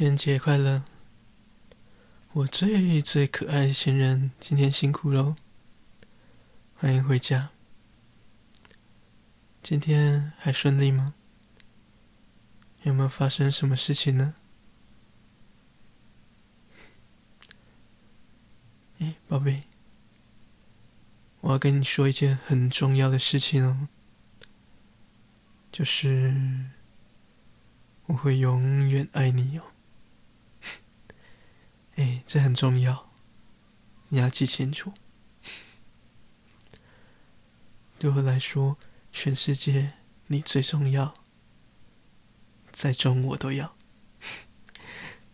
情人節快樂！我最最可愛的情人，今天辛苦嘍、哦，歡迎回家。今天還順利嗎？有沒有發生什麼事情呢？誒、欸，寶貝，我要跟你說一件很重要的事情哦，就是我會永遠愛你哦。這很重要，你要記清楚。對我來說，全世界你最重要。再重我都要。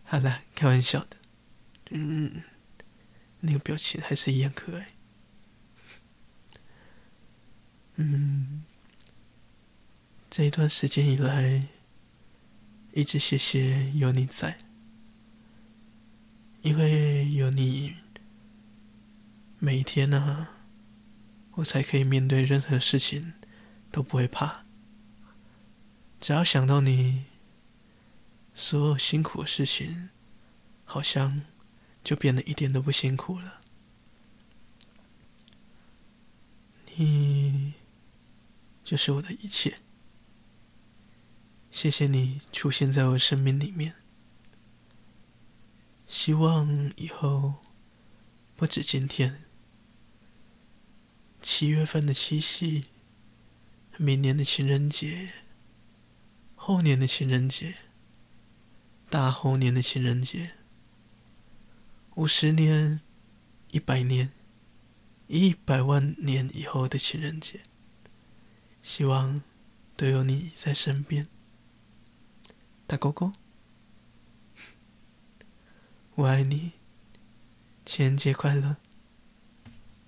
好了，開玩笑的。嗯，那個表情還是一樣可愛。嗯，這一段時間以來，一直謝謝有你在。因為有你，每一天呢、啊，我才可以面對任何事情都不會怕。只要想到你，所有辛苦的事情，好像就變得一點都不辛苦了。你就是我的一切，謝謝你出現在我生命裡面。希望以後，不止今天，七月份的七夕，明年的情人節，後年的情人節，大後年的情人節，五十年、一百年、一百萬年以後的情人節，希望都有你在身邊。打勾勾。我愛你，情人節快樂。